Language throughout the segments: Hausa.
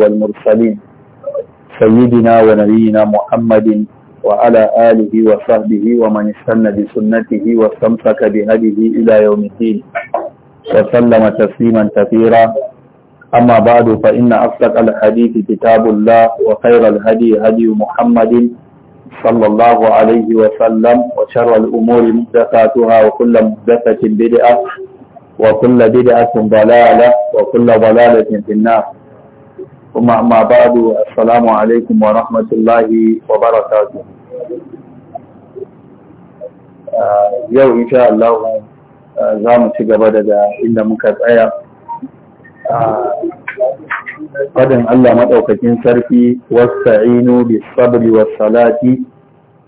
والمرسلين سيدنا ونبينا محمد وعلى آله وصحبه ومن استنى بسنته واستمسك بهديه إلى يوم الدين وسلم تسليما كثيرا أما بعد فإن أصدق الحديث كتاب الله وخير الهدي هدي محمد صلى الله عليه وسلم وشر الأمور محدثاتها وكل محدثة بدعة وكل بدعة ضلالة وكل ضلالة في النار ثم babu بعد alaikum wa ورحمة wa وبركاته ah, yau insha Allah ah, za mu ci gaba daga inda muka tsaya ah, fadin Allah maɗaukakin sarki wasta'inu bis sabri was salati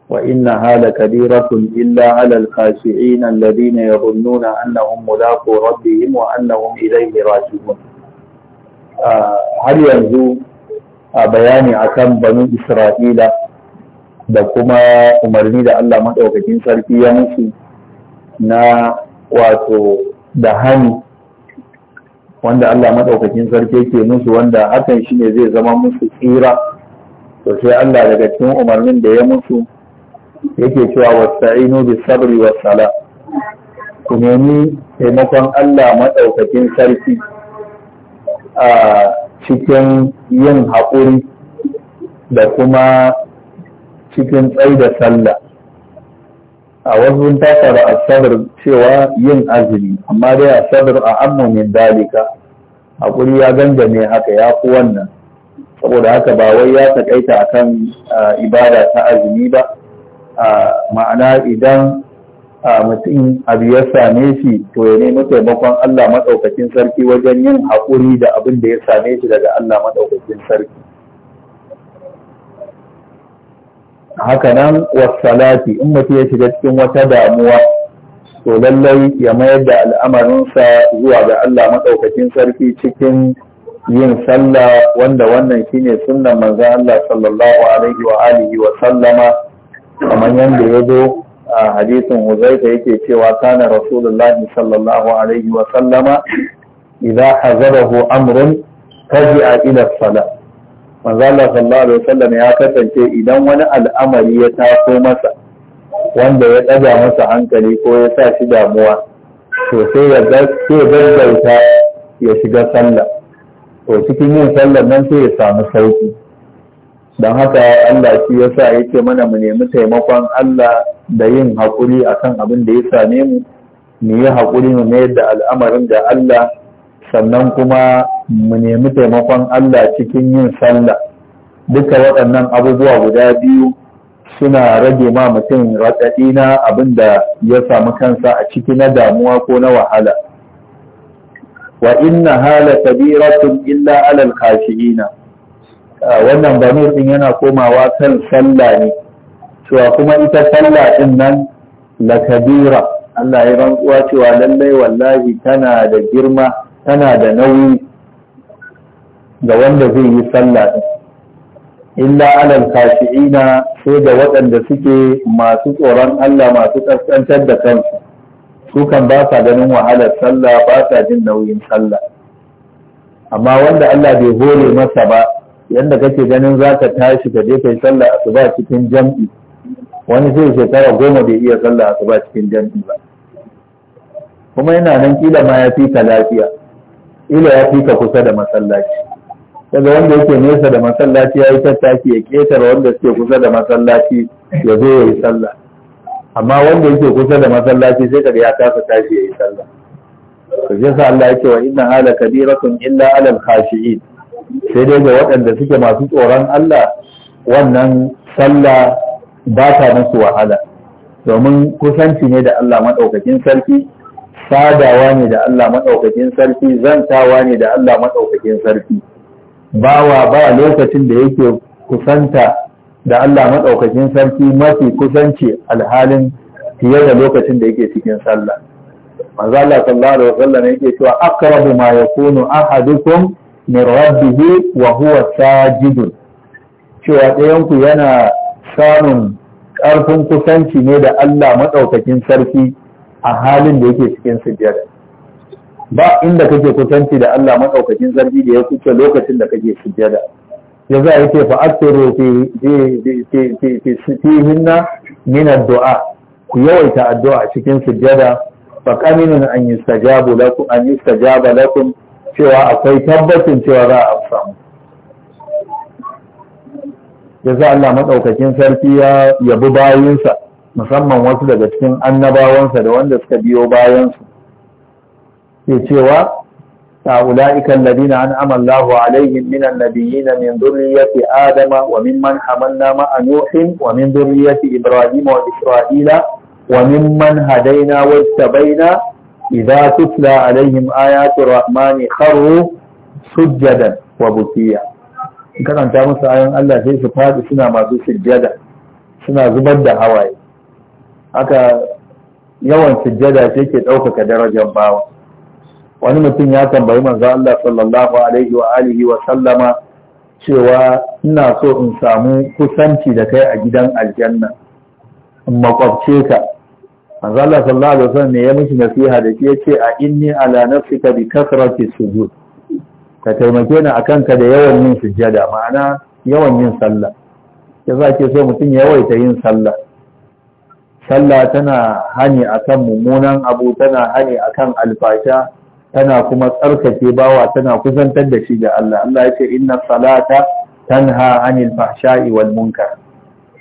wa inna hala kadiratun illa ala al-khashi'in alladhina yadhunnuna annahum mulaqu rabbihim wa annahum ilayhi raji'un har yanzu a bayani akan banu isra'ila da kuma umarni da Allah maɗaukakin sarki ya musu na wato da hani wanda Allah maɗaukakin sarki ke musu wanda hakan shi ne zai zama musu tsira to sai Allah daga cikin umarnin da ya musu yake cewa wasta'inu bi sabri wa sala ku nemi taimakon Allah maɗaukakin sarki A cikin yin haƙuri da kuma cikin tsai da sallah a wasu a sabar cewa yin azumi amma dai sabar a amonin dalika haƙuri ya gangame haka ya fi wannan saboda haka ba wai ya taƙaita akan ibada ta azumi ba ma'ana idan a mutum abu ya same shi to ya nemi taimakon Allah maɗaukakin sarki wajen yin haƙuri da abin da ya same shi daga Allah maɗaukakin sarki. Hakanan wasalati in mutum ya shiga cikin wata damuwa to lallai ya mayar da al'amarinsa zuwa ga Allah maɗaukakin sarki cikin yin sallah wanda wannan shine sunnan manzon Allah sallallahu alaihi wa alihi wa sallama kamar yadda ya zo a hadisin Huzaifa yake cewa kana Rasulullah sallallahu alaihi wa sallama idza hazabahu amrun taji'a ila salat manzo Allah sallallahu alaihi wa sallam ya kasance idan wani al'amari ya taso masa wanda ya ɗaga masa hankali ko ya sa shi damuwa to sai ya gaggauta ya shiga sallah to cikin yin sallar nan sai ya samu sauki don haka Allah shi ya sa yake mana mu nemi taimakon Allah da yin haƙuri akan abin da ya same mu mu yi haƙuri mu mayar da al'amarin da Allah sannan kuma mu nemi taimakon Allah cikin yin sallah duka waɗannan abubuwa guda biyu suna rage ma mutum raɗaɗi na abin da ya samu kansa a ciki na damuwa ko na wahala wa inna hala kabiratun illa alal kashi'ina wannan banu din yana komawa kan sallah ne cewa kuma ita sallah din nan la kabira Allah ya rantsuwa cewa lallai wallahi tana da girma tana da nauyi ga wanda zai yi sallah din illa alal kashi'ina sai da waɗanda suke masu tsoron Allah masu ƙasƙantar da kansu su kan ba sa ganin wahalar sallah ba sa jin nauyin sallah amma wanda Allah bai hore masa ba yadda kake ganin za ka tashi ka je kai sallah asuba cikin jam'i wani zai shekara goma bai iya sallah asuba cikin jami'i ba kuma yana nan kila ma ya fi ka lafiya kila ya fi ka kusa da masallaci daga wanda yake nesa da masallaci ya yi tattaki ya ketare wanda suke kusa da masallaci ya zo ya yi sallah amma wanda yake kusa da masallaci sai kaga ya kasa tashi ya yi sallah to shi Allah yake wa inna ala kabiratun illa alal khashiin sai dai ga waɗanda suke masu tsoron Allah wannan sallah ba ta musu wahala domin kusanci ne da Allah maɗaukakin sarki sadawa ne da Allah maɗaukakin sarki zantawa ne da Allah maɗaukakin sarki bawa ba lokacin da yake kusanta da Allah maɗaukakin sarki mafi kusanci alhalin fiye da lokacin da yake cikin sallah manzo sallallahu alaihi wasallam yake cewa aqrabu ma yakunu ahadukum min rabbihi wa huwa sajidun cewa ɗayan ku yana samun ƙarfin kusanci ne da Allah maɗaukakin sarki a halin da yake cikin sujjada ba inda kake kusanci da Allah maɗaukakin sarki da ya kuce lokacin da kake sujjada ya za a yake fa'attaro fihinna min addu'a ku yawaita addu'a cikin sujjada fa kaminin an yustajabu lakum an yustajaba lakum cewa akwai tabbacin cewa za a amsa ya sa Allah maɗaukakin sarki ya yabi bayinsa musamman wasu daga cikin annabawansa da wanda suka biyo bayansu ke cewa a ula'ikan ladina an amallahu alaihim minan nabiyina min zurriyyati adama wa man hamalna ma'a nuhin wa min zurriyyati ibrahim wa isra'ila wa man hadaina wa tabaina idza tutla alaihim ayatu rahmani kharru sujjadan wa bukiya in karanta musu ayon Allah sai su faɗi suna masu sujjada suna zubar da hawaye haka yawan sujjada sai ke ɗaukaka darajar bawa wani mutum ya tambayi manzo Allah sallallahu alaihi wa alihi wa sallama cewa ina so in samu kusanci da kai a gidan aljanna in makwabce ka manzo Allah sallallahu alaihi wa sallam ne ya mishi nasiha da shi yace a inni ala nafsika bi kasrati sujud ka taimake ni a kanka da yawan yin sujjada ma'ana yawan yin sallah ya za ke so mutum yawaita yin sallah sallah tana hani akan mummunan abu tana hani akan alfasha tana kuma tsarkake bawa tana kusantar da shi da Allah Allah ya ce inna salata tanha anil fahsha'i wal munkar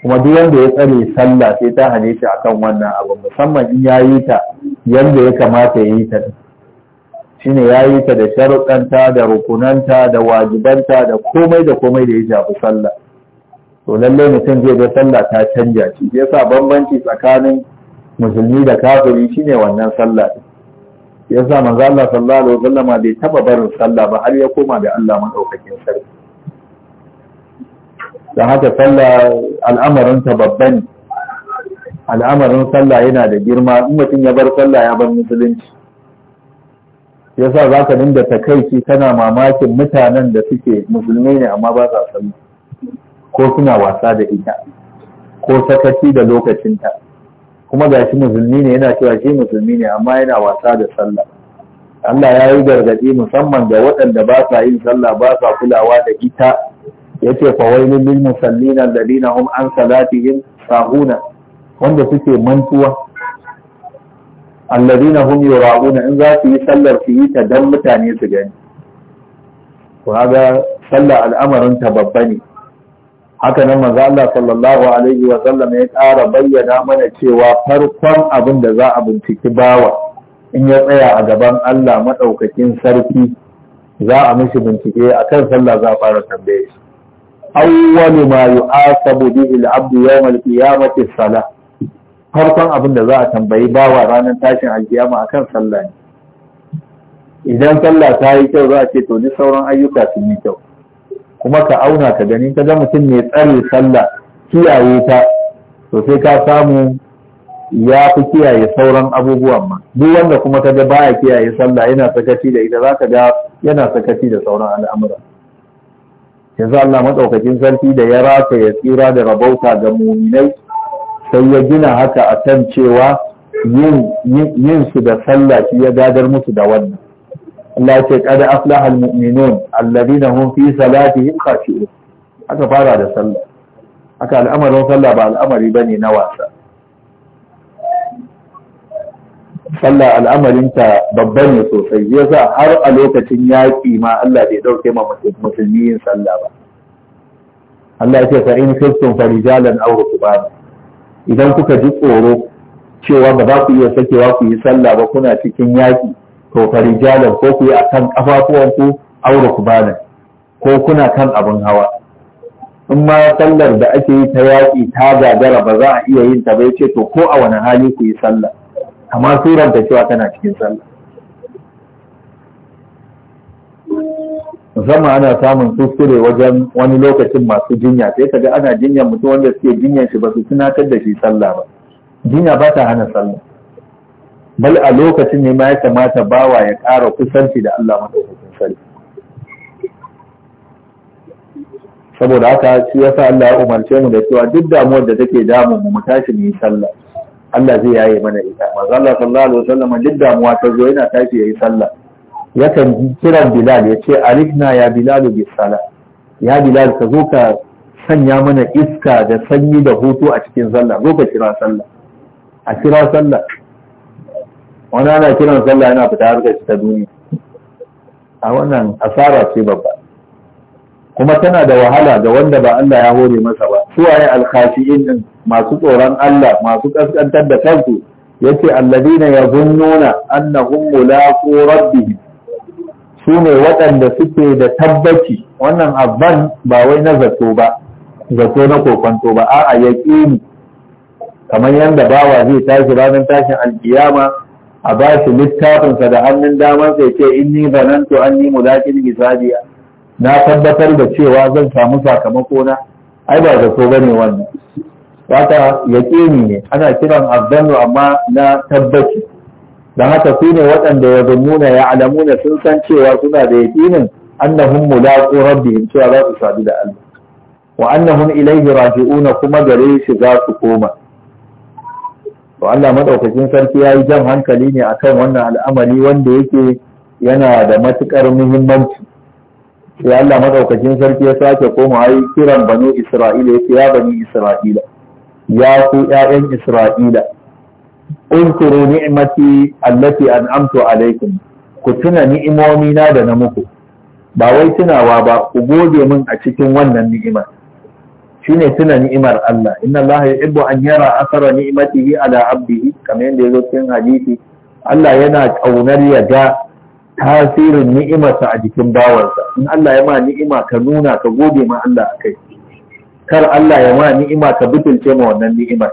kuma duk wanda ya tsare sallah sai ta hane shi akan wannan abu musamman in ya yi ta yadda ya kamata ya yi ta shine yi ta da sharuɗanta da rukunanta da wajibanta da komai da komai da ya shafi sallah to lalle mutum zai ga sallah ta canja shi Ya sa bambanci tsakanin musulmi da kafiri shine wannan sallah Ya sa manzo Allah sallallahu alaihi wasallama bai taba barin sallah ba har ya koma da Allah madaukakin sarki da haka sallah al'amarin ta babban al'amarin sallah yana da girma in mutum ya bar sallah ya bar musulunci yasa za ka dinga takaici kana mamakin mutanen da suke musulmi ne amma ba sa sallah ko suna wasa da ita ko sakaci da lokacinta kuma ga shi musulmi ne yana cewa shi musulmi ne amma yana wasa da sallah Allah ya yi gargaɗi musamman da waɗanda ba sa yin sallah ba sa kulawa da ita ya ce fawailun lil musallina alladina hum an salatihim sahuna wanda suke mantuwa alladina hum yura'una in za su yi sallar su yi ta dan mutane su gani to haga sallar al'amarin ta babba ne haka nan manzo Allah sallallahu alaihi wa sallam ya ƙara bayyana mana cewa farkon abin da za a binciki bawa in ya tsaya a gaban Allah madaukakin sarki za a mishi bincike akan sallar za a fara tambaye shi awwalu ma yu'asabu bihi al-'abdu yawm al-qiyamati farkon abin da za a tambayi bawa ranar tashin alkiyama akan sallah ne idan sallah ta yi kyau za a ce to ni sauran ayyuka sun yi kyau kuma ka auna ka gani ka ga mutum mai tsare sallah kiyaye ta to sai ka samu ya fi kiyaye sauran abubuwan ma duk wanda kuma ka ga baya kiyaye sallah yana sakaci da ita za ka ga yana sakaci da sauran al'amura yanzu Allah madaukakin sarki da ya rata ya tsira da rabauta ga muminai sai ya gina haka a kan cewa yin su da sallah shi ya gadar musu da wannan Allah ya ce kada aflaha almu'minun alladhina hum fi salatihim khashi'un aka fara da sallah aka al'amarin sallah ba al'amari bane na wasa sallah ta babban ne sosai yasa har a lokacin yaƙi ma Allah bai dauke ma musulmi yin sallah ba Allah ya ce fa in kuntum farijalan aw rukbana idan kuka ji tsoro cewa ba za ku iya sakewa ku yi sallah ba kuna cikin yaƙi to farijalan ko ku yi a kan ƙafafuwanku aure ku bana ko kuna kan abin hawa in ma sallar da ake yi ta yaƙi ta gagara ba za a iya yin ta bai ce to ko a wani hali ku yi sallah amma surar da cewa tana cikin sallah musamman ana samun kuskure wajen wani lokacin masu jinya sai ka ga ana jinyar mutum wanda suke jinyar shi ba su tunatar da shi sallah ba jinya ba ta hana sallah bal a lokacin ne ma ya kamata bawa ya ƙara kusanci da Allah madaukakin sarki saboda haka shi yasa Allah ya umarce mu da cewa duk damuwar da take damu mu mu tashi mu yi sallah Allah zai yaye mana ita manzo Allah sallallahu alaihi wasallam duk damuwa ta zo yana tashi yayi sallah yakan kira kiran bilal ya ce alifna ya bilalu bi sala ya bilal ka zo ka sanya mana iska da sanyi da hutu a cikin sallah zo ka kira sallah a kira sallah wani ana kiran sallah yana fita harkar ta duniya a wannan asara ce babba kuma tana da wahala ga wanda ba Allah ya hore masa ba su waye alkhashi'in din masu tsoron Allah masu kaskantar da kansu yace alladina yazunnuna annahum mulaqu rabbihim su ne waɗanda suke da tabbaci wannan abban ba wai na zato ba zato na kokonto ba a'a yaƙini kamar yadda bawa zai tashi ranar tashin alkiyama a ba shi littafinsa da hannun damar sai ce in an zanantu mu mulakin hisabiya na tabbatar da cewa zan samu sakamako na ai ba zato ba ne wannan wata yaƙini ne ana kiran azzanu amma na tabbaci Da haka su ne waɗanda ya zammuna ya alamuna sun san cewa suna da yaƙinin annahum mulaqu rabbihim cewa za su sadu da Allah wa ilai ilaihi na kuma gare shi za su koma to Allah madaukakin sarki yayi jan hankali ne akan wannan al'amari wanda yake yana da matukar muhimmanci sai Allah madaukakin sarki ya sake koma yi kiran banu Isra'ila ya ya bani Isra'ila ya ku ƴaƴan Isra'ila uzkuru ni'mati allati an'amtu alaikum ku tuna ni'imomi na da na muku ba wai tunawa ba ku gode min a cikin wannan ni'imar shine tuna ni'imar Allah inna Allah yuhibbu an yara asara ni'matihi ala abdihi kamar yadda yazo cikin hadisi Allah yana kaunar ya ga tasirin ni'imarsa a jikin bawansa in Allah ya ma ni'ima ka nuna ka gode ma Allah akai kar Allah ya ma ni'ima ka bitulce ma wannan ni'imar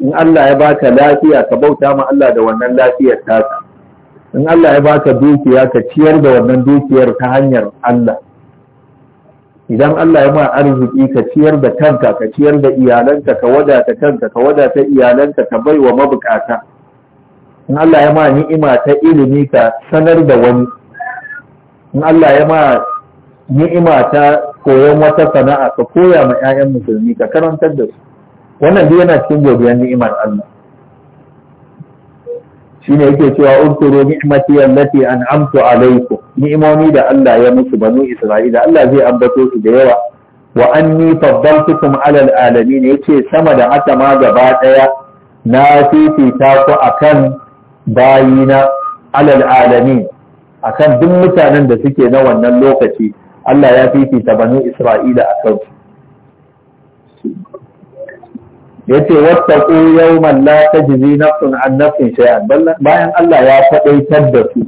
in Allah ya baka lafiya ka bauta ma Allah da wannan lafiyar taka in Allah ya baka dukiya ka ciyar da wannan dukiyar ta hanyar Allah idan Allah ya ma arziki ka ciyar da kanka ka ciyar da iyalanka ka wadata kanka ka wadata iyalanka ka baiwa mabukata in Allah ya ma ni'ima ta ilimi ka sanar da wani in Allah ya ma ni'ima ta koyon wata sana'a ka koya ma 'ya'yan musulmi ka karantar da su wannan duk yana cikin godiyar ni'imar Allah shine yake cewa udkuru ni'mati allati an'amtu alaykum ni'imomi da Allah ya musu banu Isra'ila Allah zai ambato su da yawa wa anni faddaltukum ala alalamin yace sama da haka ma gaba daya na fifita ku akan bayina ala alalamin akan duk mutanen da suke na wannan lokaci Allah ya fifita banu Isra'ila akan su yace wattaqu yawman la tajzi nafsun an nafsin shay'an bayan Allah ya faɗaitar da su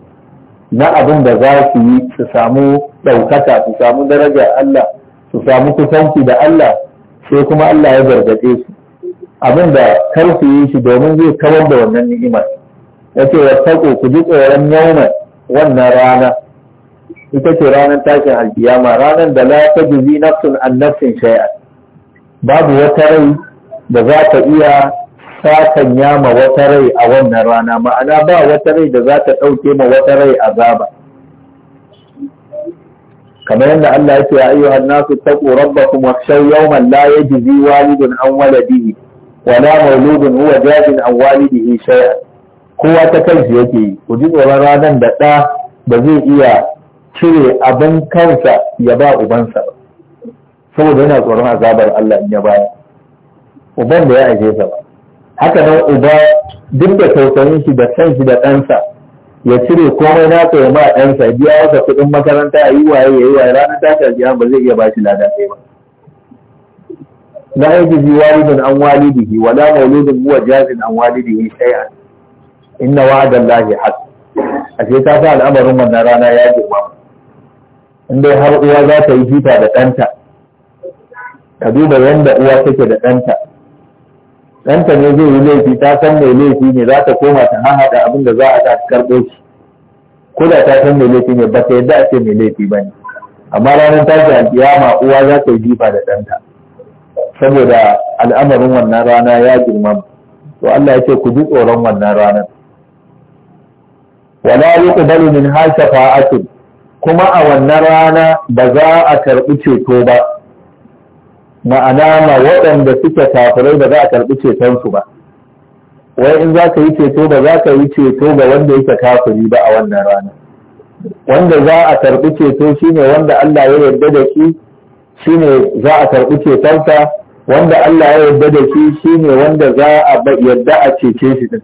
na abin da za su yi su samu ɗaukaka su samu darajar Allah su samu kusanci da Allah sai kuma Allah ya gargaje su abin da kar su yi shi domin zai kawar da wannan ni'imar yace wattaqu ku ji tsoron yawman wannan rana ita ce ranar tashin alkiyama ranar da la tajzi nafsun an nafsin shay'an babu wata rai da za ta iya sakan ma wata rai a wannan rana ma'ana ba wata rai da za ta ɗauke ma wata rai azaba kamar yadda Allah yake ya ayyuhan nasu taqu rabbakum wakhshaw yawman la yajzi walidun an waladihi wala mauludun huwa jazin an walidihi shay'an kowa ta kanshi yake yi ku ji tsoron ranar da ɗa ba zai iya cire abin kansa ya ba ubansa ba saboda yana tsoron azabar Allah in ya baya uban da ya aje sa ba haka nan uba duk da tausayin shi da san shi da ɗansa ya cire komai na ya ma ɗansa biya masa kuɗin makaranta a yi waye ya yi waye ranar tashi jiya ba zai iya ba shi lada ɗaya ba la yajizi walidun an walidihi wa la mauludun huwa jazin an walidihi shay'an inna wa'ada Allahi haqq ashe ta sa al'amarin wannan rana ya girma in dai har uwa za ta yi fita da ɗanta ka duba yadda uwa take da ɗanta ɗanta ne zai yi laifi ta san mai laifi ne za ta koma ta hahaɗa abin da za a ta karɓo shi ko da ta san mai laifi ne ba ta yadda a ce mai laifi ba ne amma ranar tashi ma uwa za ta yi jifa da ɗanta saboda al'amarin wannan rana ya girmama to Allah ya ce ku ji tsoron wannan ranar wala yuqbalu min hasafa'atin kuma a wannan rana ba za a karɓi ceto ba ma'ana ma waɗanda suke kafirai ba za a karɓi cetonsu ba wai in za ka yi ceto ba za ka yi ceto ga wanda yake kafiri ba a wannan rana wanda za a karɓi ceto shine wanda Allah ya yarda da shi shine za a karɓi cetonsa wanda Allah ya yarda da shi shine wanda za a yarda a cece shi din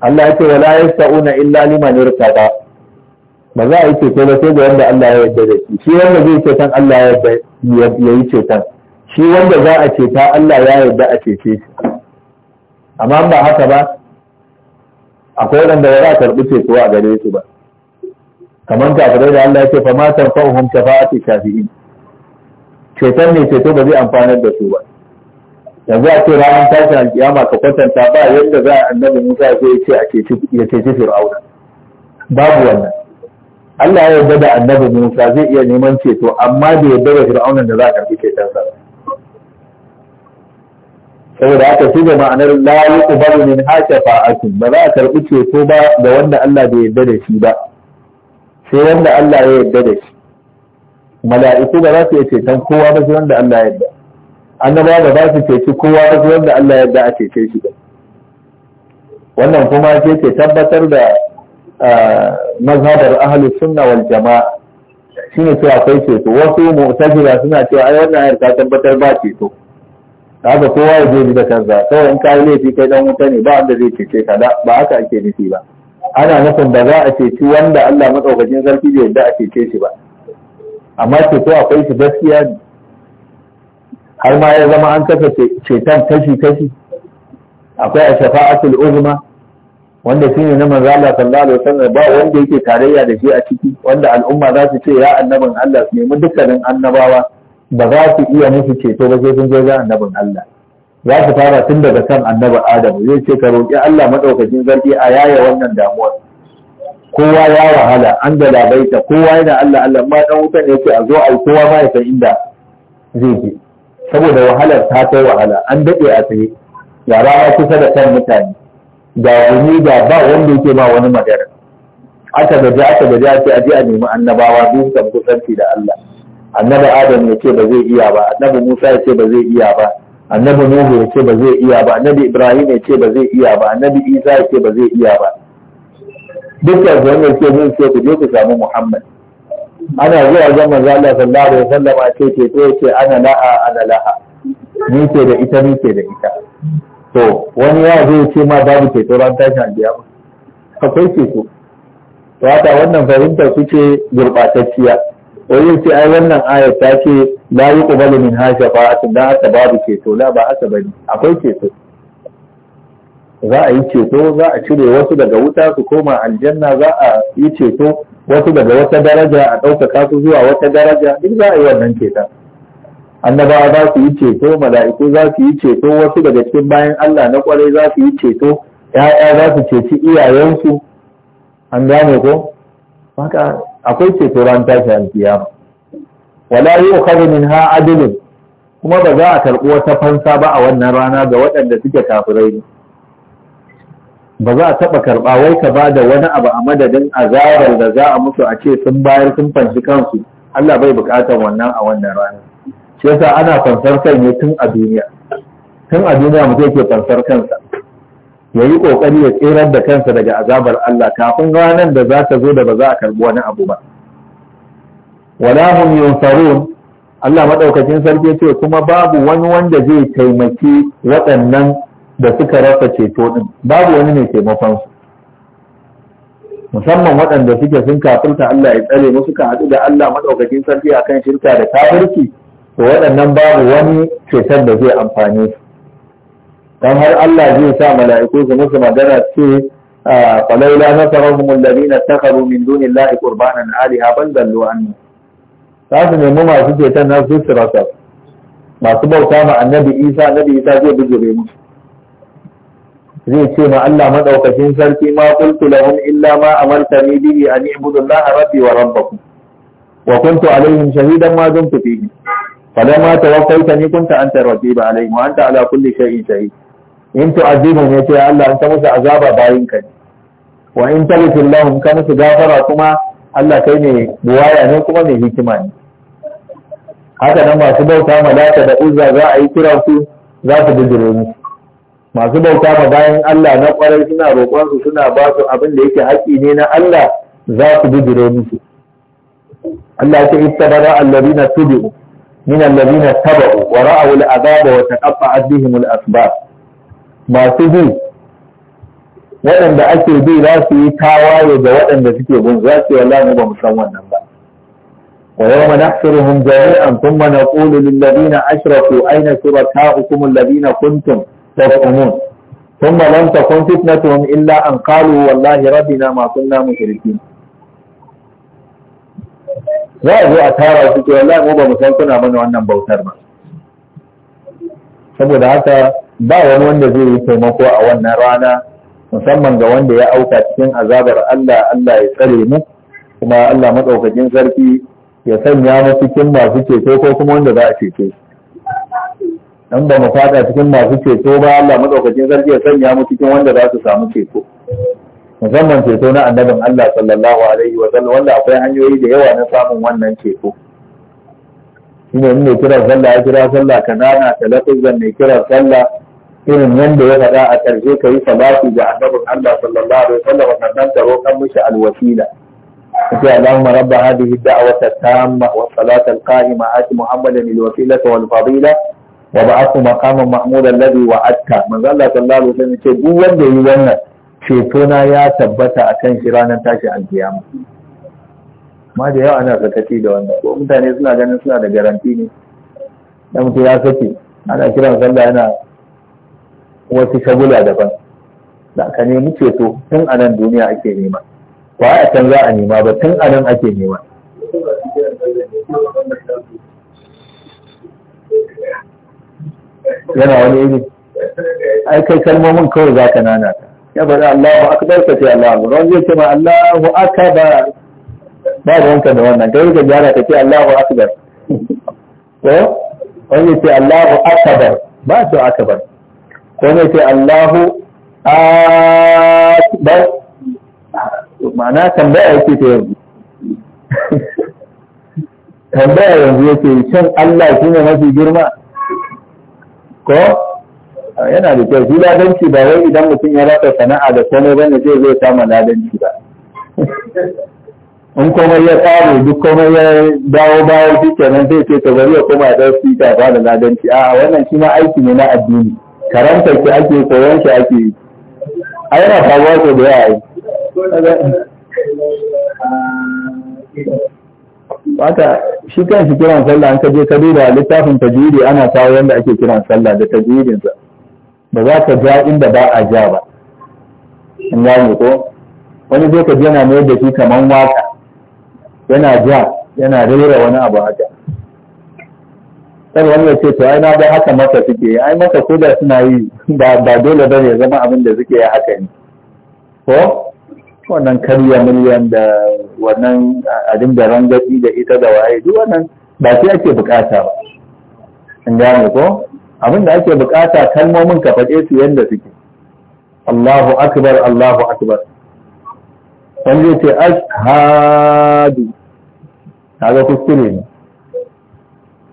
Allah ya ce wala yasta'una illa liman irtada ba za a yi ceto ba sai da wanda Allah ya yarda da shi shi wanda zai ceton Allah ya yi ceton shi wanda za a ceta Allah ya yarda a cece shi amma ba haka ba akwai wanda ba za a karɓi ceto a gare su ba kamar kafirai da Allah ya ce fa ma tanfa'uhum shafa'ati shafi'in ceton ne ceto ba zai amfana da su ba yanzu a ce ranar tashin alkiyama ka kwatanta ba yadda za a annabi Musa ya ce ya ceci Fir'auna babu wannan Allah ya yarda da annabi Musa zai iya neman ceto amma bai yarda da Fir'aunan da za a karbi cetonsa saboda haka shi da ma'anar la yuqbalu min hashafa'atin ba za a karbi ceto ba da wanda Allah bai yarda da shi ba sai wanda Allah ya yarda da shi mala'iku ba za su iya ceton kowa ba sai wanda Allah ya yarda annabawa ba za su ceci kowa ba sai wanda Allah ya yarda a cece shi ba wannan kuma ce ke tabbatar da mazhabar ahli sunna wal jama'a shine cewa akwai ceto wasu mu'tazila suna cewa ai wannan ayar ta tabbatar ba ceto haka kowa ya je da kansa kawai in kai laifi kai dan wuta ne ba wanda zai cece ka ba haka ake nufi ba ana nufin ba za a ceci wanda Allah madaukakin sarki bai yarda a cece shi ba amma ceto akwai shi gaskiya ne har ma ya zama an kasa ceton kashi kashi akwai a shafa'atul uzma wanda shi ne na manzo Allah sallallahu alaihi wasallam ba wanda yake tarayya da shi a ciki wanda al'umma za su ce ya annabin Allah su nemi dukkanin annabawa ba za su iya musu ceto ba sai sun je ga annabin Allah za su fara tun daga kan annabi Adam zai ce ka roƙi Allah madaukakin zargi a yaya wannan damuwar kowa ya wahala an da labaita kowa yana Allah Allah ma dan wutan yake a zo a kowa ya san inda zai je saboda wahalar ta kai wahala an dade a tsaye yara ma kusa da kan mutane ga gumi ga ba wanda yake ba wani magana aka gaji aka gaji ake aji a nemi annabawa duk da kusanci da Allah annabi Adam ya ce ba zai iya ba annabi Musa ya ce ba zai iya ba annabi Nuhu ya ce ba zai iya ba annabi Ibrahim ya ce ba zai iya ba annabi Isa ya ce ba zai iya ba dukkan wannan ce mun ce ku je ku samu Muhammad ana zuwa ga manzo Allah sallallahu alaihi wasallam a ce ce to ce ana la'a ana la'a ni ce da ita ni ce da ita to wani ya zo ce ma babu ceto ran biya ba? akwai ceto to haka wannan fahimta kuce gurbatacciya wani ce ai wannan ayat ta ce la yuqbalu min ha tun dan haka babu ceto la ba aka bane akwai ceto za a yi ceto za a cire wasu daga wuta su koma aljanna za a yi ceto wasu daga wata daraja a ɗaukaka su zuwa wata daraja duk za a yi wannan ceton annabawa za su yi ceto mala'iku za su yi ceto wasu daga cikin bayan Allah na kwarai za su yi ceto ya'ya za su ceci iyayensu an gane ko haka akwai ceto ran tashi alkiyama wala yu'khadhu minha adl kuma ba za a karɓi wata fansa ba a wannan rana ga waɗanda suke kafirai ne ba za a taɓa karɓa wai ka ba da wani abu a madadin azabar da za a musu a ce sun bayar sun fanshi kansu Allah bai buƙatar wannan a wannan rana shi yasa ana fansar kai ne tun a duniya tun a duniya mutum yake fansar kansa ya yi ƙoƙari ya tserar da kansa daga azabar Allah kafin ranar da za ta zo da ba za a karbi wani abu ba wala hum yunsarun Allah madaukakin sarki ce kuma babu wani wanda zai taimaki waɗannan da suka rasa ceto din babu wani mai taimakon su musamman waɗanda suke sun kafirta Allah ya tsare musu ka haɗu da Allah madaukakin sarki akan shirka da kafirci to waɗannan babu wani ceton da zai amfani su don har Allah zai sa mala'iku su musu magana ce falaula nasarahum alladhina takharu min dunillahi qurbanan aliha bal dallu anhu za su nemi masu ceton na su su rasa masu bauta ma annabi Isa annabi Isa zai bijire musu zai ce ma Allah madaukakin sarki ma qultu lahum illa ma amartani bihi an ibudu Allah rabbi wa rabbakum wa kuntu alaihim shahidan ma dumtu fihi فلما توفيتني كنت أنت الرقيب عليهم وأنت على كل شيء شهيد إن تعذبهم يا الله انت مس عذاب باينك وإن تغفر لهم كما تغفر كما Allah kai ne buwaya ne kuma mai hikima ne haka nan masu bauta ma da uzza za a yi kira su za su bijire musu masu bauta ma bayan Allah na kwarai suna roƙon su suna ba su abin da yake haƙƙi ne na Allah za su bijire musu Allah ya ce alladina tubi'u min alladhina tabu wa ra'aw al'azaba wa taqatta'at bihim al'asbab masu bi waɗanda ake bi za su yi tawaye ga waɗanda suke gun za su yi ba mu san wannan ba ويوم نحشرهم جميعا ثم نقول للذين أشركوا أين شركاؤكم الذين كنتم تزعمون ثم لم تكن فتنتهم إلا أن قالوا والله ربنا ما كنا مشركين za a zo a tara su ke wallahi mu ba mu san kuna mana wannan bautar ba saboda haka ba wani wanda zai yi taimako a wannan rana musamman ga wanda ya auka cikin azabar Allah Allah ya tsare mu kuma Allah madaukakin sarki ya sanya mu cikin masu ceto ko kuma wanda za a ceto dan ba mu fada cikin masu ceto ba Allah madaukakin sarki ya sanya mu cikin wanda za su samu ceto musamman ceto na annabin Allah sallallahu alaihi wa sallam wanda akwai hanyoyi da yawa na samun wannan ceto shine ne kira sallah ya kira sallah ka nana ta lafizan ne kira sallah irin yadda ya faɗa a ƙarshe ka yi salati da annabin Allah sallallahu alaihi wa sallam sannan ka roƙan mishi alwasila kace Allahumma rabb hadhihi ad-da'wati at-tamma wa salata al-qa'ima ati Muhammadan al-wasilata wal fadila wa ba'athu maqaman mahmudan alladhi wa'adta manzo Allah sallallahu alaihi wa sallam ce duk wanda yi wannan cetona ya tabbata a kan shi ranar tashi alkiyama ma da yawa ana sakaci da wanda ko mutane suna ganin suna da garanti ne da mutu ya sake ana kiran sallah yana wasu shagula daban da ka nemi ceto tun a nan duniya ake nema ba a can za a nema ba tun a nan ake nema yana wani iri ai kai kalmomin kawai za ka nana ta ya faɗi Allahu akbar ka ce Allahu akbar wani zai ce ma Allahu akbar babu wanka da wannan kai ka gyara ka ce Allahu akbar ko wani ce Allahu akbar ba to akbar ko ne ce Allahu akbar ma'ana tambaya yake ta yanzu tambaya yanzu yake shan Allah shine mafi girma ko yana da kyau shi ladanci ba wai idan mutum ya rasa sana'a da komai ba ne zai zai samu ladanci ba in komai ya tsaro duk komai ya dawo bayan shi kenan zai ce ta bari ya koma da shi ta ba da ladanci a wannan shi ma aiki ne na addini karanta ki ake koyon shi ake yi a yana faruwa ko da yawa Wata shi kan shi kiran sallah an ka je ka duba littafin tajwidi ana kawo yadda ake kiran sallah da tajwidinsa. ba za ka ja inda ba a ja ba in gane ko wani zai ka yana mai da shi kamar waka yana ja yana rera wani abu haka sai wani ya ce to ai na ba haka maka suke ai maka ko da suna yi ba ba dole ba ne zama abin da suke haka ne ko wannan karya miliyan da wannan abin da rangaɗi da ita da waye duk wannan ba sai ake bukata ba in gane ko abin da ake bukata kalmomin ka faɗe su yanda suke Allahu akbar Allahu akbar wanda ya ce ashhadu kaga kuskure ne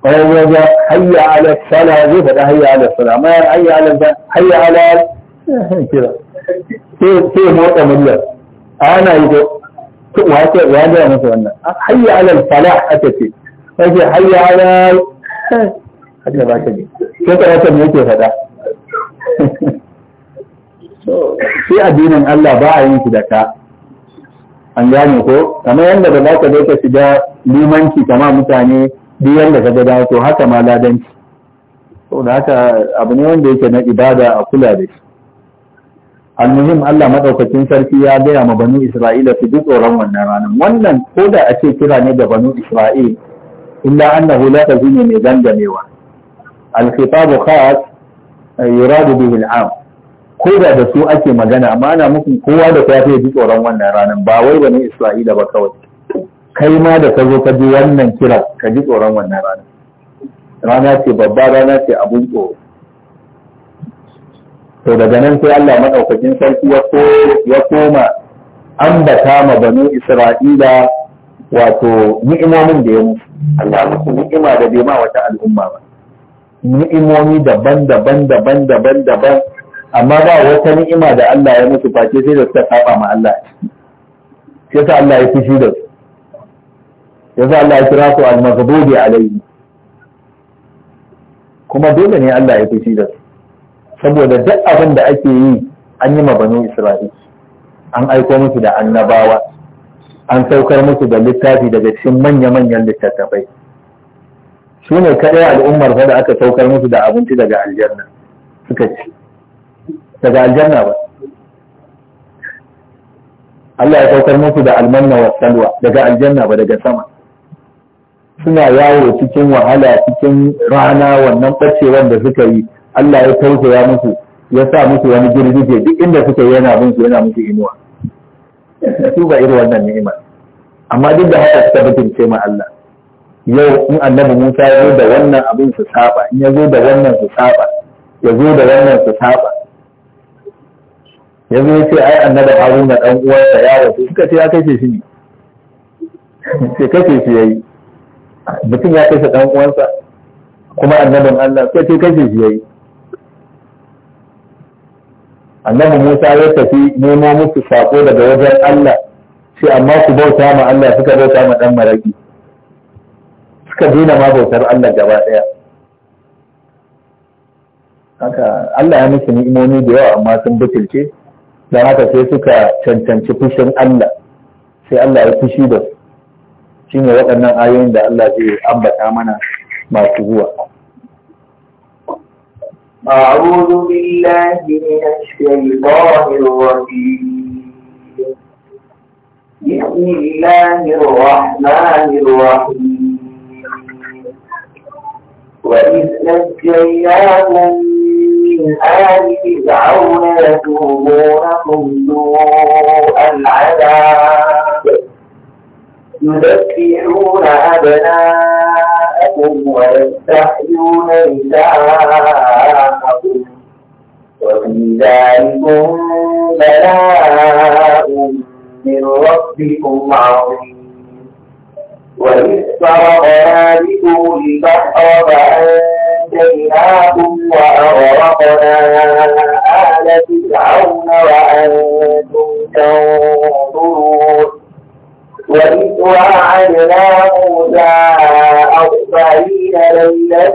bayan waje hayya ala sala zai faɗi hayya ala sala amma hayya ala hayya ala kira sai motsa mulla ana yi ko wace ya gaya masa wannan hayya ala sala aka ce sai hayya ala haka za ka ji ko ka yasa me yake faɗa shi addinin Allah ba a yin shi da ka an gane ko kamar yadda ba za ka zo ka shiga limanci kama mutane duk yadda ka gada to haka ma ladanci da haka abu ne wanda yake na ibada a kula da shi almuhim Allah madaukakin sarki ya gaya ma banu Isra'ila su ji tsoron wannan ranar wannan ko da a ce kira ne da banu Isra'il illa annahu la tazini mai gangamewa alkhitabu khas yuradu bihi al'am ko da da su ake magana amma ana muku kowa da kowa sai ji tsoron wannan ranar ba wai bane Isra'ila ba kawai kai ma da ka zo ka ji wannan kiran ka ji tsoron wannan ranar rana ce babba rana ce abun tsoro to daga nan sai Allah madaukakin sarki ya koma ambata ma banu Isra'ila wato ni'imomin da ya musu Allah muku ni'ima da bai ma wata al'umma ba ni'imomi daban-daban daban-daban daban amma ba wata ni'ima da Allah ya musu face sai da suka saba ma Allah sai sa Allah ya fushi da su yasa Allah ya kira su al-maghdubi alayhi kuma dole ne Allah ya fushi da su saboda duk abin da ake yi an yi ma banu Isra'il an aiko musu da annabawa an saukar musu da littafi daga cikin manya-manyan littattafai su ne kaɗai al'ummar fa da aka saukar musu da abinci daga aljanna suka ci daga aljanna ba Allah ya saukar musu da almanna wa salwa daga aljanna ba daga sama suna yawo cikin wahala cikin rana wannan ɓacewar da suka yi Allah ya tausaya musu ya sa musu wani girgije duk inda suka yi yana bin su yana musu inuwa su ba irin wannan ni'ima amma duk da haka suka mutunce ma Allah yau in annabi Musa ya zo da wannan abin su saba in ya zo da wannan su saba ya zo da wannan su saba ya zo ya ce ai annabi da dan sa ya wasu suka ce ya kashe shi ne sai kace shi yayi mutum ya kashe dan uwansa kuma annabin Allah suka ce kace shi yayi annabi Musa ya tafi nemo musu sako daga wajen Allah sai amma ku bauta ma Allah suka bauta ma dan maraki suka daina ma bautar Allah gaba ɗaya haka Allah ya musu ni'imomi da yawa amma sun butulce don haka sai suka cancanci fushin Allah sai Allah ya fushi da su shi ne waɗannan ayoyin da Allah zai ambata mana masu zuwa أعوذ بالله من الشيطان الرجيم بسم الله الرحمن الرحيم وإذ نجيناهم من آل فرعون يسومونكم سوء العذاب يذبحون أبناءكم ويستحيون نساءكم وفي ذلكم بلاء من ربكم عظيم وإذ فرقنا بكم البحر فأنجيناكم وأغرقنا آل فرعون وأنتم تنظرون وإذ وعدنا موسى أربعين ليلة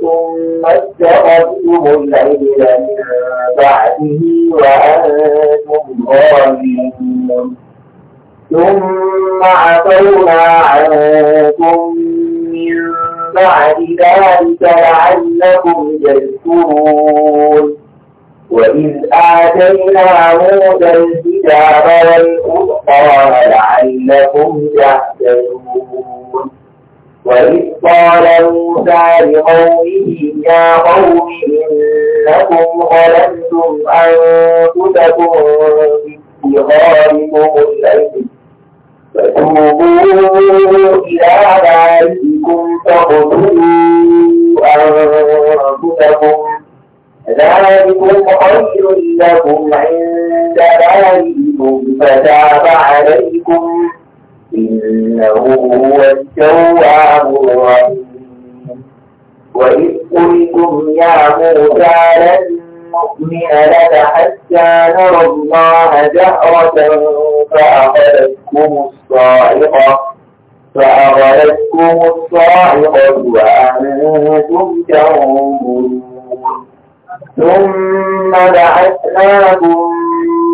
ثم اتخذتم العجل من بعده وأنتم ظالمون ثم عفونا عنكم من بعد ذلك لعلكم تذكرون وإذ آتينا موسى الكتاب والقرآن لعلكم تهتدون وإذ قال موسى لقومه يا قوم إنكم ظلمتم أنفسكم باتخاذكم الأيدي فتوبوا إلى بارئكم فاقتلوا أنفسكم ذلكم خير لكم عند بارئكم فتاب عليكم إنه هو التواب الرحيم وإذ قلتم يا موسى لن نؤمن لك حتى نرى الله جهرة فأخذتكم الصاعقة فأخذتكم الصاعقة وأنتم تنظرون ثم بعثناكم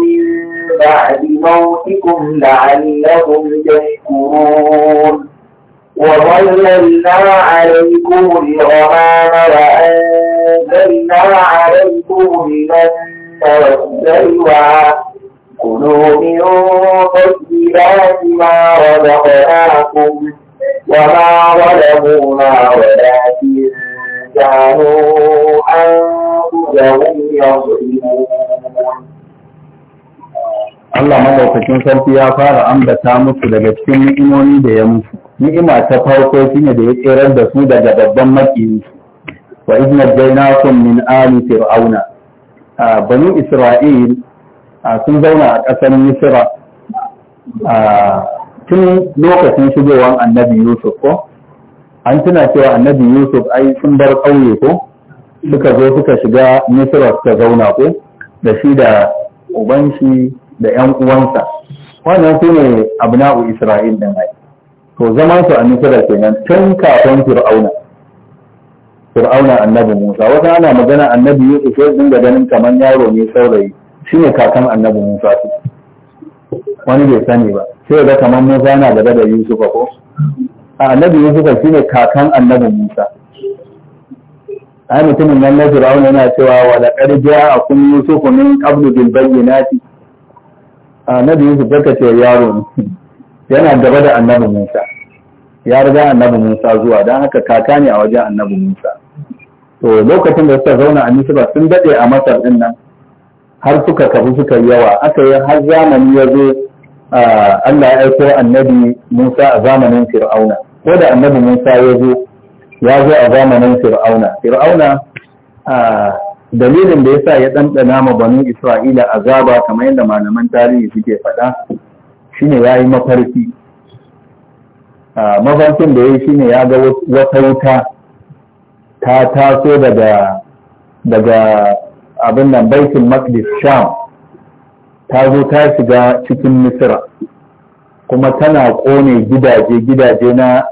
من بعد موتكم لعلكم تشكرون وظللنا عليكم الغمام وأنزلنا عليكم المن والسلوى كلوا من طيبات ما رزقناكم وما ظلمونا ولكن كانوا أنفسهم يظلمون Allah madaukakin sarki ya fara ambata musu daga cikin ni'imomi da ya musu. Ni'ima ta farko shine da ya tserar da su daga babban makiyi. Wa idna jainakum min ali fir'auna. Bani Isra'il sun zauna a ƙasar misira tun lokacin shigowar annabi yusuf ko an tuna cewa annabi yusuf ai sun bar ƙauye ko suka zo suka shiga misira suka zauna ko da shi da uban shi da yan uwansa wannan su ne abna'u isra'il din ai to zama su a misira kenan tun kafin fir'auna fir'auna annabi musa wata ana magana annabi yusuf sai dinga ganin kamar yaro ne saurayi shi ne kakan annabi musa wani bai sani ba sai ga kamar musa yana gaba da Yusuf ko a annabi Yusuf shi ne kakan annabi musa yi mutumin nan na fir'auna yana cewa wa a kun Yusuf min bayyana bil A annabi yusuf ya ce yaro yana gaba da annabi musa ya riga annabi musa zuwa don haka kaka ne a wajen annabi musa to lokacin da suka zauna a misra sun dade a masar din nan har suka kafi suka yawa aka yi har zamani ya zo Allah ya aiko annabi Musa a zamanin Fir'auna ko da annabi Musa ya zo ya zo a zamanin Fir'auna Fir'auna dalilin da yasa ya ɗanɗana ma banu Isra'ila azaba kamar yadda malaman tarihi suke faɗa shine yayi mafarki mafarkin da ya yi shine ya ga wata wuta ta taso daga abin nan baitul maqdis sham ta zo ta shiga cikin misira kuma tana kone gidaje gidaje na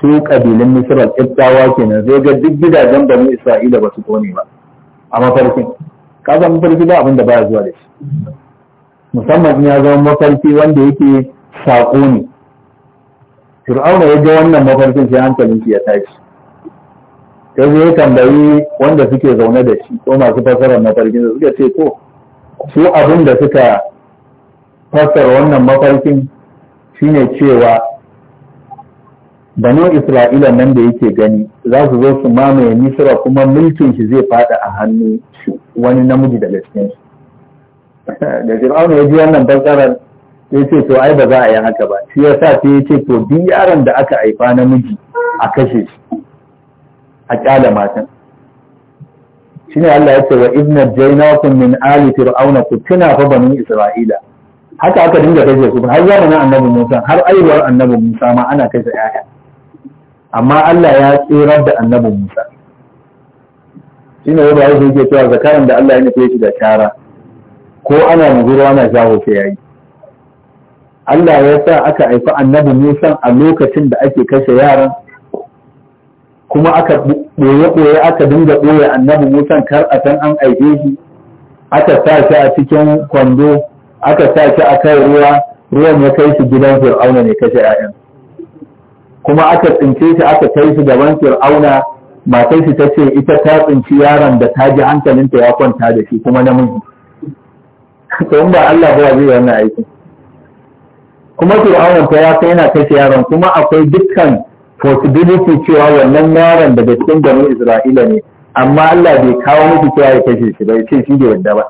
su kabilan misira kyakkyawa kenan zai ga duk gidajen bani isra'ila ba su kone ba a mafarkin ka kaza mafarki ba abin da ya zuwa da shi musamman ya zama mafarki wanda yake saƙo ne fir'auna ya ga wannan mafarkin sai hankalin ya tashi ya zai ya tambayi wanda suke zaune da shi ko masu fasarar mafarkin da suka ce ko su abin da suka fassara wannan mafarkin shine cewa banu isra'ila nan da yake gani za su zo su mamaye misra kuma mulkin shi zai fada a hannu shi wani namiji daga cikin shi da fir'auna ya ji wannan fasarar ya ce to ai ba za a yi haka ba shi ya sa sai ya ce to duk yaron da aka haifa namiji a kashe shi a kyala matan shi ne Allah ya ce wa izna jainakun min ali fir'auna ku tuna fa banu isra'ila haka aka dinga kashe su har zamanin annabi Musa har aiwar annabi Musa ma ana kai kashe 'ya'ya. amma Allah ya tsirar da annabi Musa shi ne wanda yake cewa zakaran da Allah ya nufe shi da shara ko ana muzuru ana shaho sai yayi Allah ya sa aka haifi annabi Musa a lokacin da ake kashe yaran kuma aka ɓoye-ɓoye aka dinga ɓoye annabi musan kar a san an aike shi aka sa shi a cikin kwando aka sa shi a kai ruwa ruwan ya kai shi gidan fir'auna ne kashe 'ya'yan kuma aka tsince shi aka kai shi gaban fir'auna matar shi ta ce ita ta tsinci yaron da ta ji hankalinta ya kwanta da shi kuma miji to in ba Allah ba zai wannan aikin kuma fir'auna ta ya kai yana kashe yaron kuma akwai dukkan possibility cewa wannan yaron daga cikin banu Isra'ila ne amma Allah bai kawo musu cewa ya kashe shi ba ya ce shi bai yadda ba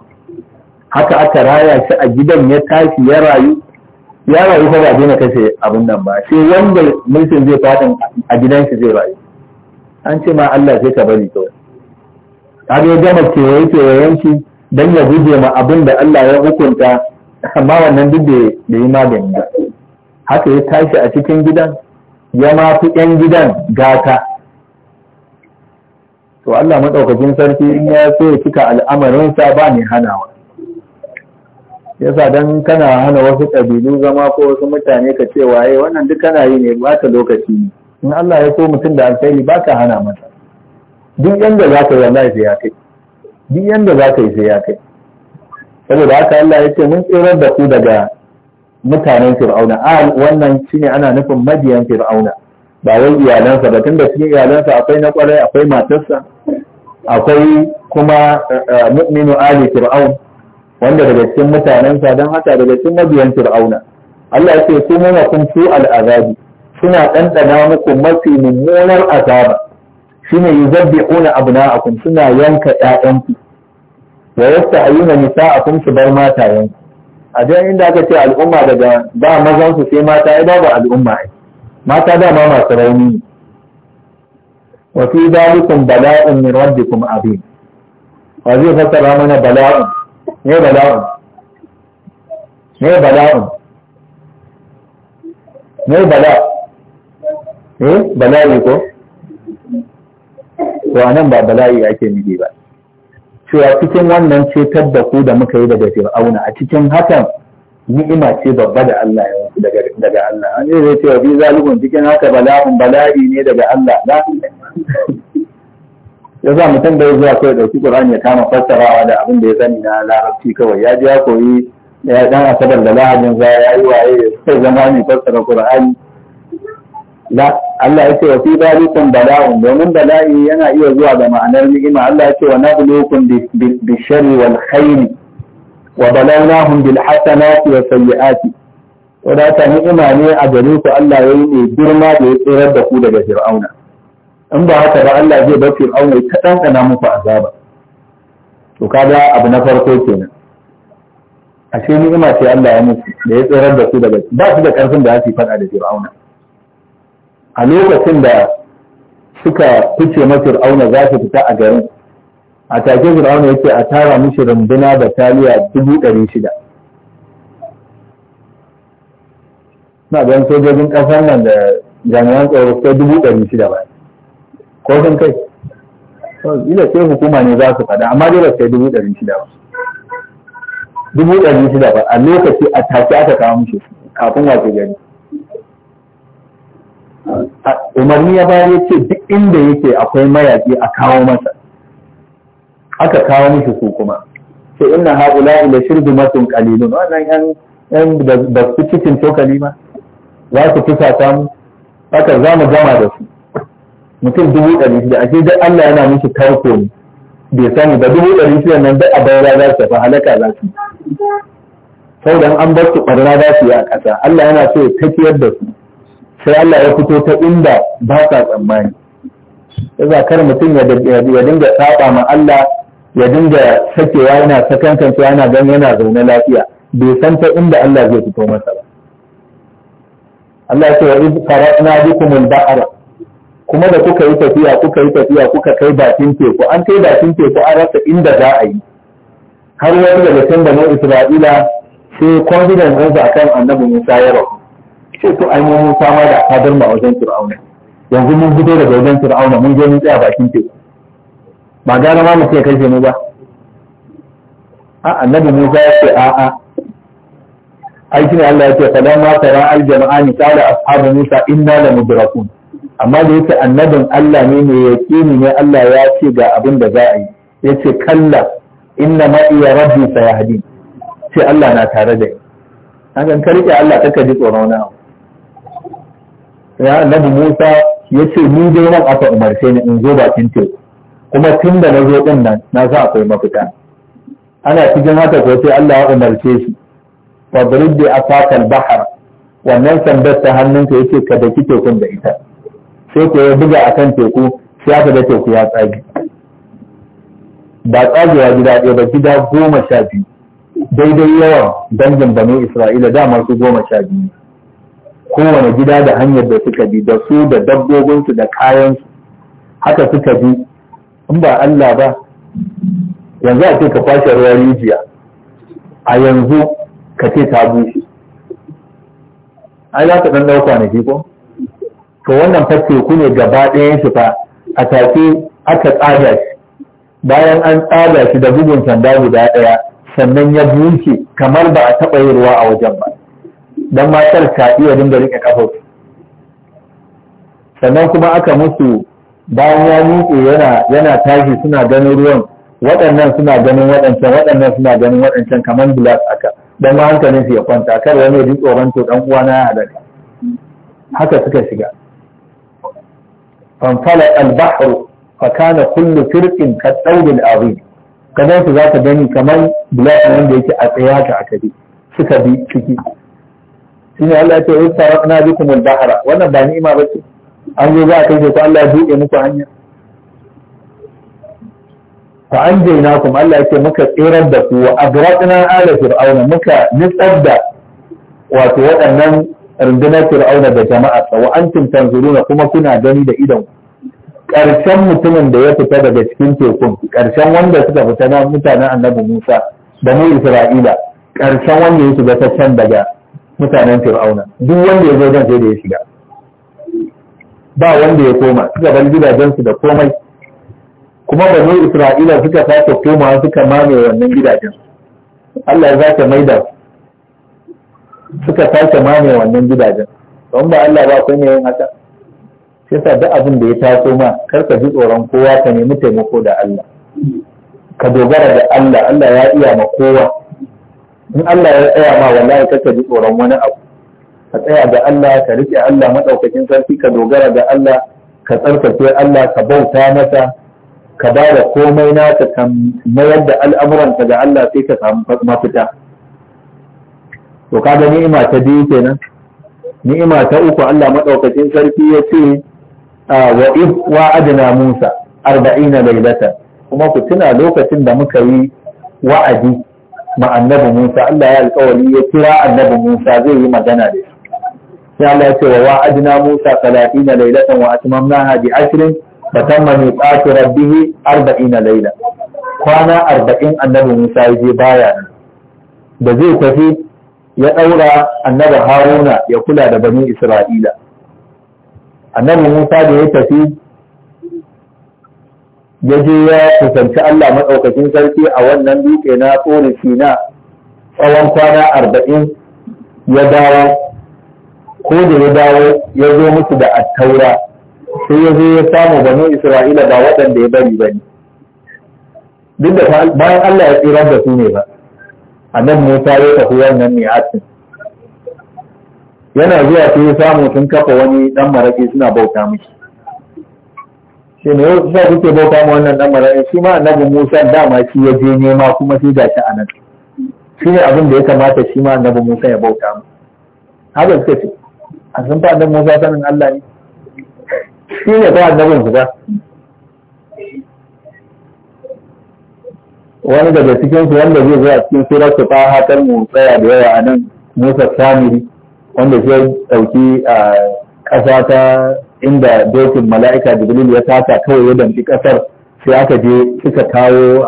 haka aka raya shi a gidan ya tashi ya rayu ya rayu fa ba daina kashe abin nan ba sai wanda mulkin zai fadin a gidan shi zai rayu an ce ma Allah sai ka bari kawai har ya gama kewaye kewayen shi dan ya guje ma abin da Allah ya hukunta amma wannan duk da yi magani ba haka ya tashi a cikin gidan ya ma fi ‘yan gidan gata. To Allah maɗaukakin sarki in ya so ya cika al'amarinsa ba ne hanawa. Yasa don kana hana wasu ƙabilu zama ko wasu mutane ka ce waye wannan duk kana yi ne ba ta lokaci ne. In Allah ya so mutum da alkhairi ba ka hana mata Duk yanda za ka yi wallahi sai ya kai. Duk yanda za ka yi sai ya kai. Saboda haka Allah ya ce mun tsirar da ku daga mutanen fir'auna a wannan shine ana nufin mabiyan fir'auna ba wai iyalansa ba tunda cikin iyalansa akwai na kwarai akwai matarsa akwai kuma eh, eh, mu'minu ali fir'aun wanda daga cikin mutanensa don haka daga cikin mabiyan fir'auna Allah ya ce su mana kun su al'azabi suna ɗanɗana muku mafi mummunar azaba shine yuzabbi'una abna'akum suna yanka ƴaƴanku wa yasta'yuna nisa'akum su bar yanku. a jan inda aka ce al'umma daga ba mazan su sai mata ai babu al'umma ai mata da ma masu rauni wa fi dalikum bala'un min rabbikum abin wa zai fassara mana bala'un ne bala'un ne bala'un ne bala eh bala'i ko to anan ba bala'i ake nufi ba cewa cikin wannan ce, da ku da muka yi daga fir'auna a cikin hakan ni'ima ce babba da Allah ya wasu daga Allah an zai ce bi zalikun cikin haka bala'un bala'i ne daga Allah ya za mutum da ya zuwa kawai ɗauki ƙur'ani ya kama fassarawa da abin da ya sani na larabci kawai ya ji ya koyi ya ɗan asabar da lahajin za ya yi waye sai zama ne fassara ƙur'ani? la Allah ya ce wa fi dalikum bala'un domin bala'i yana iya zuwa da ma'anar ni'ima Allah ya ce wa nabluukum bi sharri wal khairi wa balawnahum bil hasanati wa sayyiati to ta ni'ima ne a gare ku Allah yi ne girma da ya tsirar da ku daga fir'auna in ba haka ba Allah zai bar fir'auna ya kaɗanɗana muku azaba to kaga abu na farko kenan ashe ni'ima ce Allah ya musu da ya tsirar da ku daga ba su da karfin da za su faɗa da fir'auna a lokacin da suka fice ma ra'auna za su fita a garin a take fir'auna yake a tara mishi runduna da taliya dubu ɗari shida na don sojojin ƙasar nan da jami'an tsaro sai dubu ɗari shida ba ko sun kai ila sai hukuma ne za su faɗa amma dai ba sai dubu ɗari shida ba dubu ɗari shida ba a lokaci a take aka kawo mishi kafin wace gari umarni ya bayar ya ce duk inda yake akwai mayaƙi a kawo masa aka kawo mishi su kuma ce ina haɗula ila shirgi masu qalilun wannan yan yan da su cikin cokali ma za su sa samu haka za mu gama da su mutum dubu ɗari shida ake da Allah yana mishi tarko ne bai sani ba dubu ɗari shida nan da a bayar za su fa halaka za su sau da an bar su ɓarna za su yi a ƙasa Allah yana so ya tafiyar da su sai Allah ya fito ta inda ba sa tsammani yasa kar mutum ya dinga saba ma Allah ya dinga sakewa yana sakankancewa yana gan yana zaune lafiya bai san ta inda Allah zai fito masa ba Allah ce wa bikum al-ba'ra kuma da kuka yi tafiya kuka yi tafiya kuka kai bakin teku an kai bakin teku an rasa inda za a yi har wani daga can da Isra'ila sai confidence ɗinsa akan annabi Musa ya rabu ce to ai mun sama da kadar ma wajen fir'auna yanzu mun fito daga wajen fir'auna mun je mun tsaya bakin teku ba gara ma mu ce kashe mu ba a annabi Musa ya ce a'a ai shine Allah ya ce ma tara al-jama'ani da ashabu Musa inna la mudrakun amma da yake annabin Allah ne mai ni ne Allah ya ce ga abin da za a yi ya ce kalla inna ma iya rabbi sayahdi sai Allah na tare da ni An kan rike Allah kaka ji tsoron wani ya annabi Musa ya ce ni dai nan aka umarce ni in zo bakin teku kuma tun da na zo din nan na sa akwai mafita ana cikin haka ko sai Allah ya umarce shi fadrib bi asakal bahar wannan sandar ta hannunka yace ka daki tekun da ita sai ko ya buga akan teku sai aka da teku ya tsage ba tsagewa gida ɗaya ba gida goma sha biyu daidai yawan dangin banu isra'ila dama su goma sha biyu kowane gida da hanyar da suka bi da su da dabbobinsu da kayansu haka suka bi in ba Allah ba yanzu a ce ka kwashe ruwa rijiya a yanzu ka ce ta bushe ai za ka dan dauka kwanaki ko to wannan fa ku ne gaba ɗayan shi fa a take aka tsaga shi bayan an tsada shi da bugun sanda guda ɗaya sannan ya bushe kamar ba a taɓa yin ruwa a wajen ba don matar ta iya dinga rike kafar sannan kuma aka musu bayan ya miƙe yana yana tashi suna ganin ruwan waɗannan suna ganin waɗancan waɗannan suna ganin waɗancan kamar glass aka don ma hankalin su ya kwanta kar wani ji tsoron to dan uwa na ya halaka haka suka shiga fanfala al-bahru fa kana kullu firqin ka dawdil azim kadan su zaka gani kamar glass wanda yake a tsaye haka aka suka bi ciki shine Allah ya ce wasta na bikum al-bahra wannan ba ni'ima bace an zo za a kai ku Allah ya buɗe muku hanya fa kuma Allah ya ce muka tsirar da ku wa agraqna ala fir'auna muka nitsar da wato waɗannan rundunar fir'auna da jama'a wa antum tanzuruna kuma kuna gani da idon ƙarshen mutumin da ya fita daga cikin tekun karshen wanda suka fita na mutanen annabi Musa da mu Isra'ila karshen wanda ya shiga ta can daga mutanen fir'auna duk wanda ya zo zan sai da ya shiga ba wanda ya koma suka bar gidajensu da komai kuma banu isra'ila suka sake komawa suka mame wannan gidajen Allah ya ka maida suka sake mame wannan gidajen don ba Allah ba kai ne yin haka shi yasa duk abin da ya taso ma kar ka ji tsoron kowa ka nemi taimako da Allah ka dogara da Allah Allah ya iya ma kowa in Allah ya tsaya ma wallahi kaka ji tsoron wani abu ka tsaya da Allah ka rike Allah madaukakin sarki ka dogara da Allah ka tsarkake Allah ka bauta masa ka ba da komai naka ka mayar da al'amuranka ga Allah sai ka samu mafita to kaga ni'ima ta biyu kenan ni'ima ta uku Allah madaukakin sarki ya ce wa if wa adna Musa 40 lailata kuma ku tuna lokacin da muka yi wa'adi ma annabi Musa Allah ya alƙawari ya kira annabi Musa zai yi magana da shi sai Allah ya ce wa wa'adna Musa 30 laylatan wa atmamnaha bi 20 fa tamma miqatu rabbih 40 laila. kwana 40 annabi Musa ya je baya da zai tafi ya daura annabi Haruna ya kula da bani Isra'ila annabi Musa da ya tafi ya je ya kusanci Allah maɗaukakin sarki a wannan dutse na tsori na tsawon kwana arba'in ya dawo ko da ya dawo ya zo musu da attaura sai ya zo ya samu banu isra'ila ba waɗanda ya bari bane duk da bayan Allah ya tsira da su ne ba a nan Musa ya tafi wannan mi'atin yana zuwa sai ya samu sun kafa wani ɗan maraƙi suna bauta mishi shi ne yau sai kuke bauta mu wannan dan marayi shi ma annabi Musa dama shi ya je nema kuma shi gashi a nan shi ne abin da ya kamata shi ma annabi Musa ya bauta mu haka suka ce a sun fa annabi Musa sanin Allah ne shi ne fa annabin su ba wani daga cikin su wanda zai zo a cikin sura su fa hatar mu tsaya da yawa a nan Musa Samiri wanda shi ya dauki a ah, ƙasa ta inda dokin mala'ika jibril ya taka kawai ya damki kasar sai aka je suka kawo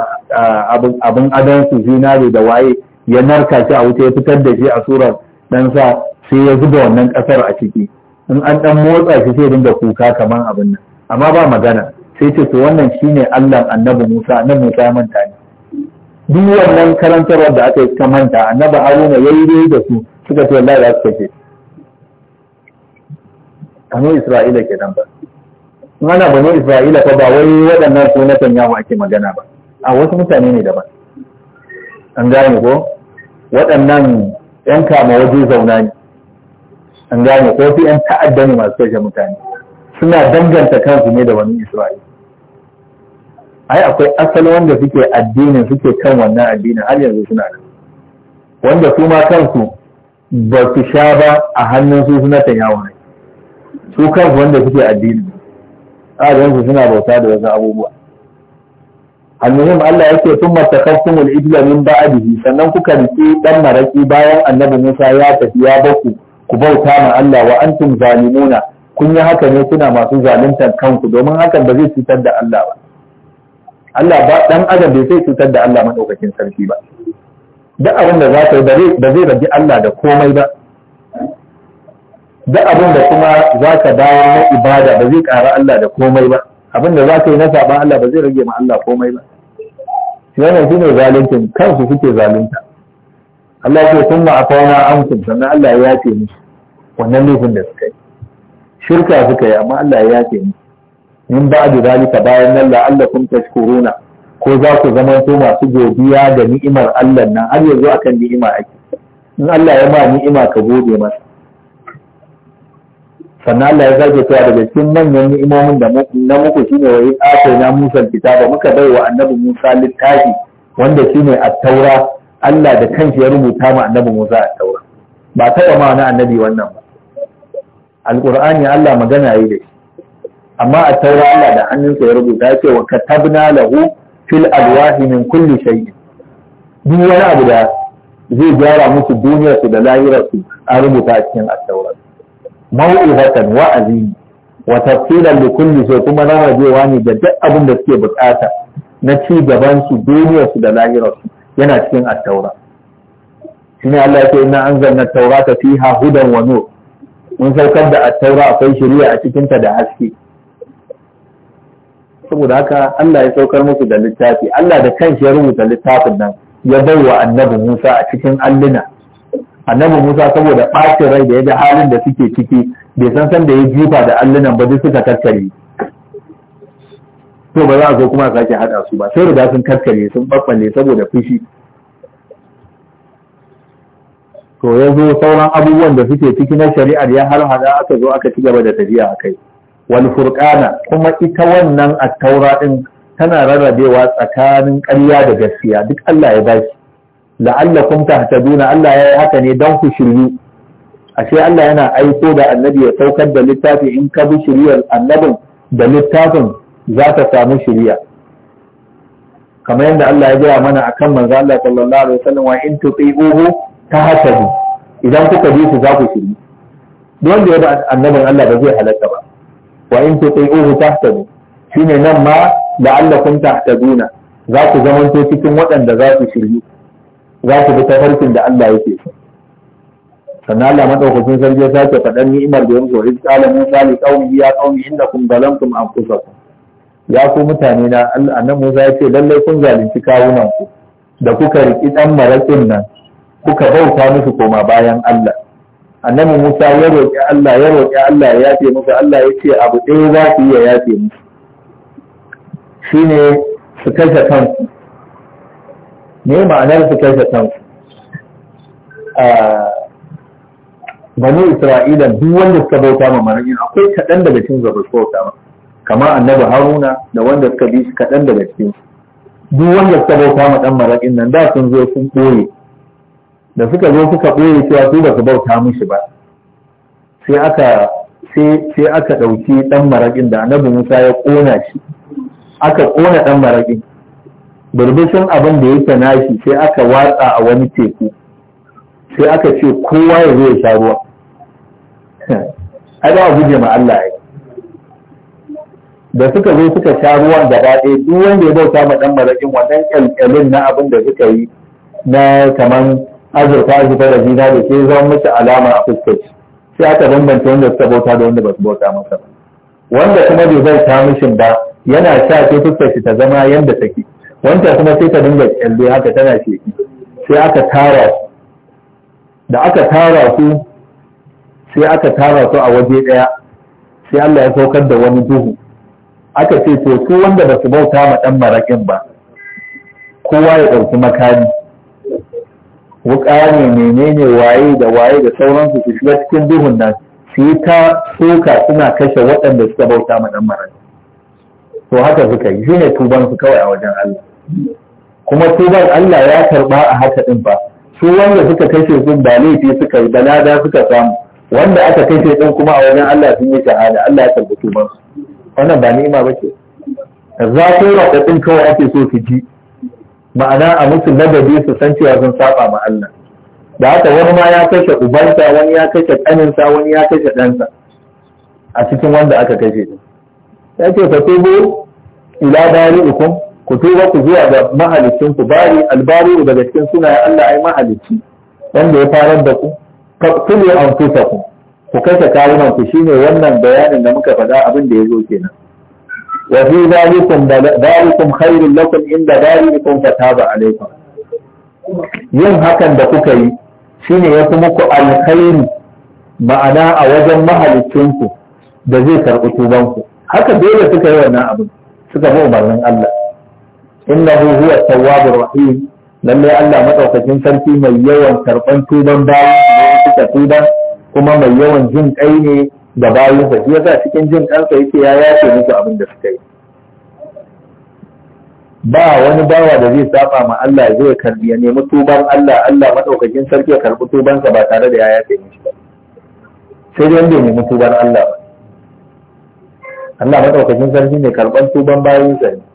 abin adon su zinare da waye ya narka shi a wuta ya fitar da shi a surar dan sa sai ya zuba wannan kasar a ciki in an dan motsa shi sai dinga kuka kaman abin nan amma ba magana sai ce to wannan shine Allah annabi Musa annabi Musa ya manta ne duk wannan karantarwar da aka yi ta manta annabi Haruna yayi da su suka ce wallahi za su kace banu isra'ila ke nan ba ana banu isra'ila fa ba wai waɗannan su na tanyawa ake magana ba a wasu mutane ne daban an gane ko waɗannan ‘yan kama waje zauna ne, an gane ko su ‘yan ta'adda ne masu kashe mutane, suna danganta kansu ne da wani Isra'ila. Ai, akwai asali wanda suke addinin suke kan wannan addinin har yanzu suna nan. Wanda su ma kansu ba su sha ba a hannun su suna ta yawon rai. su kansu wanda suke addini su suna bauta da wasu abubuwa annabi Allah yake sun matakaftum al ibla min ba'dihi sannan kuka rike dan maraki bayan annabi Musa ya tafi ya baku ku bauta ma Allah wa antum zalimuna kun yi haka ne kuna masu zaluntar kanku domin hakan ba zai cutar da Allah ba Allah ba dan adam bai sai cutar da Allah madaukakin sarki ba duk abin da za ka yi ba zai rage Allah da komai ba da abin da kuma za ka na ibada ba zai ƙara Allah da komai ba abin da za ka yi na saɓa Allah ba zai rage ma Allah komai ba yana shi ne zaluncin kansu suke zalunta Allah ce sun ma afawa an kun sannan Allah ya ce musu wannan laifin da suka yi shirka suka yi amma Allah ya ce musu in ba da zalika bayan nan shi tashkuruna ko za ku zama su masu godiya da ni'imar Allah nan har yanzu akan ni'ima ake in Allah ya ba ni'ima ka gode masa sannan Allah ya zage cewa daga cikin manyan ni'imomin da na muku shine wa yi ƙafe na Musa kitaba muka bai wa annabi Musa littafi wanda shine a taura Allah da kanshi ya rubuta ma annabi Musa a taura ba taɓa ma wani annabi wannan ba alƙur'ani Allah magana yi da shi amma a taura Allah da hannunsa ya rubuta ya ce wa katabna lahu fil alwahi min kulli shay'in duk wani abu da zai gyara musu duniyarsu da lahirarsu an rubuta a cikin at mawu'izatan wa'azi wa tafsilan da kulli sai kuma rajewa ne da duk abin da suke bukata na ci gaban su duniyar su da lahirar su yana cikin at-taura shine Allah yake inna anzalna at-taurata fiha hudan wa nur mun saukar da at-taura akwai shari'a a cikin ta da haske saboda haka Allah ya saukar musu da littafi Allah da kanshi ya rubuta littafin nan ya bai wa annabi Musa a cikin alluna annabi Musa saboda ɓacin rai da ya halin da suke ciki bai san san da ya jifa da allunan ba duk suka karkare to ba za a zo kuma a sake haɗa su ba sai riga sun karkare sun ɓaɓɓalle saboda fushi to ya zo sauran abubuwan da suke ciki na shari'ar ya har hada aka zo aka ci gaba da tafiya a kai wal furqana kuma ita wannan taura din tana rarrabewa tsakanin ƙarya da gaskiya duk Allah ya bashi la'allakum tahtaduna Allah yayi haka ne dan ku shiryu ashe Allah yana aiko da annabi ya saukar da littafi in ka bi shiryar annabin da littafin za ta samu shiriya kamar yadda Allah ya gaya mana akan manzo Allah sallallahu alaihi wasallam wa in tuti'uhu tahtadu idan kuka bi su za ku shiryu duk wanda ya bi annabin Allah ba zai halaka ba wa in tuti'uhu tahtadu shine nan ma la'allakum tahtaduna za ku zamanto cikin waɗanda za ku shiryu za su bi tafarkin da Allah yake so sannan Allah madaukakin sarki ya sake faɗan ni'imar da yanzu iz qala musa li qaumihi ya qaumi innakum zalamtum anfusakum ya ku mutane na annabi Musa ya ce lalle kun zalunci kawunan ku da kuka riki dan marakin nan kuka bauta musu koma bayan Allah annabi Musa ya roƙi Allah ya roƙi Allah ya ce musu Allah ya ce abu ɗaya za su yi ya yafe musu shine su kashe kansu me ma'anar su kashe kansu Bani isra'ila duk wanda suka bauta ma marayin akwai kaɗan daga cikin zabar bauta ma kama annabi haruna da wanda suka bi shi kaɗan daga cikin duk wanda suka bauta ma ɗan marayin nan da sun zo sun ɓoye da suka zo suka ɓoye cewa su ba su bauta mishi ba sai aka sai aka ɗauki ɗan maraƙin da annabi musa ya ƙona shi aka ƙona ɗan maraƙin burbushin abin da yake nashi sai aka watsa a wani teku sai aka ce kowa ya zo ya sha ruwa ai ba guje ma Allah ya da suka zo suka sha ruwan gaba ɗaya duk wanda ya bauta ma ɗan marakin wannan ƙyalƙyalin na abin da suka yi na kaman azurfa azurfa da zina da ke zama mace alama a fuskar sai aka bambanta wanda suka bauta da wanda ba su bauta masa wanda kuma bai bauta mishin ba yana sha sai fuskar ta zama yadda take wancan kuma sai ta dinga kyalle haka tana ce sai aka tara su da aka tara su sai aka tara su a waje daya sai Allah ya saukar da wani duhu aka ce to su wanda ba su bauta ma ɗan maraƙin ba kowa ya ɗauki makami wuƙa ne menene waye da waye da sauransu su shiga cikin duhun nan su yi ta soka suna kashe waɗanda suka bauta ma ɗan maraƙi to haka suka yi shine tuban su kawai a wajen Allah kuma ban Allah ya karba a haka din ba su wanda suka kashe sun ba laifi suka yi balada suka samu wanda aka kashe din kuma a wajen Allah sun yi shahada Allah ya karbi tuban su wannan ba ni'ima ba ce zafin din kawai ake so su ji ma'ana a musu ladabi su san cewa sun saba ma Allah da haka wani ma ya kashe ubansa wani ya kashe ƙaninsa wani ya kashe ɗansa a cikin wanda aka kashe ya ce fa tubu ila dari bari'ikum ku tuba ku zuwa ga mahalicin ku bari albari daga cikin sunayen Allah ai mahalicci wanda ya farar da ku tulu an fusa ku ku kashe kawunan ku shine wannan bayanin da muka faɗa abin da ya zo kenan wa fi zalikum dalikum khairul lakum inda dalikum fataba alaikum yin hakan da kuka yi shine ya fi muku alkhairi ma'ana a wajen mahalicinku da zai karɓi tubanku haka dole suka yi wannan abin suka bi umarnin Allah innahu huwa tawwabur rahim lalle Allah madaukakin sarki mai yawan karban tuban bayan suka tuba kuma mai yawan jin kai ne da bayan sa ya yasa cikin jin kansa yake ya yace musu abin da suka yi ba wani bawa da zai saba ma Allah zai karbi ya nemi tuban Allah Allah madaukakin sarki ya karbi tuban sa ba tare da ya yace mishi ba sai dai wanda ya nemi tuban Allah Allah madaukakin sarki ne karban tuban bayan sa ne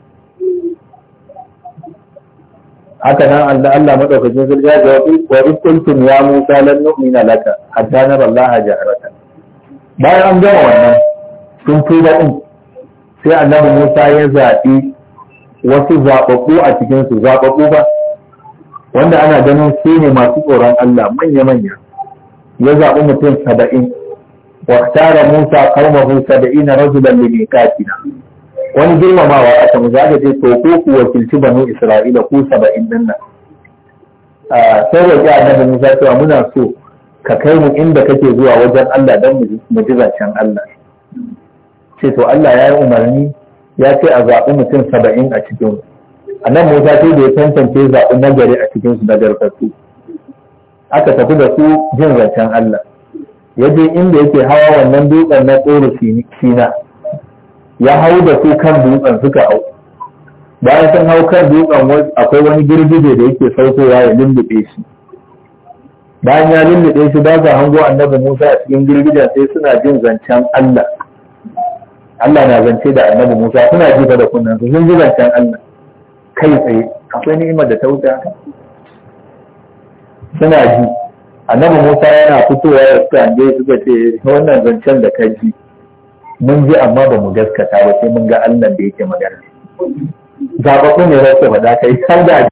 haka nan Allah Allah madaukakin sarki ya jawabi wa kuntum ya Musa lan nu'mina laka hatta nara Allah jahratan bayan an gama wannan sun tuba din sai annabi Musa ya zaɓi wasu zaɓaɓɓu a cikin su zaɓaɓɓu ba wanda ana ganin su ne masu tsoron Allah manya-manya ya zaɓi mutum saba'in wa tara Musa qaumahu saba'ina rajulan li miqatina wani girmamawa a kan za to ko ku wakilci banu isra'ila ko saba'in din nan sai roƙi annabi musa cewa muna so ka kai mu inda kake zuwa wajen allah don mu ji zancen allah ce to allah ya yi umarni ya ce a zaɓi mutum saba'in a cikin annabi musa sai da ya tantance zaɓi nagari a cikin su na garfasu aka tafi da su jin zancen allah ya je inda yake hawa wannan dutsen na tsoro sina ya hau da su kan dutsen suka hau bayan sun hau kan dutsen akwai wani girgije da yake saukowa ya lullube shi bayan ya lullube shi ba za hango annabi Musa a cikin girgijen sai suna jin zancen Allah Allah na zance da annabi Musa suna ji da kunnen su sun ji zancen Allah kai tsaye akwai ni'imar da ta wuce haka suna ji annabi Musa yana fitowa ya suka hange suka ce wannan zancen da ka ji mun ji amma ba mu gaskata ba sai mun ga Allah da yake magana zaɓaɓɓu ne za ba faɗa kai har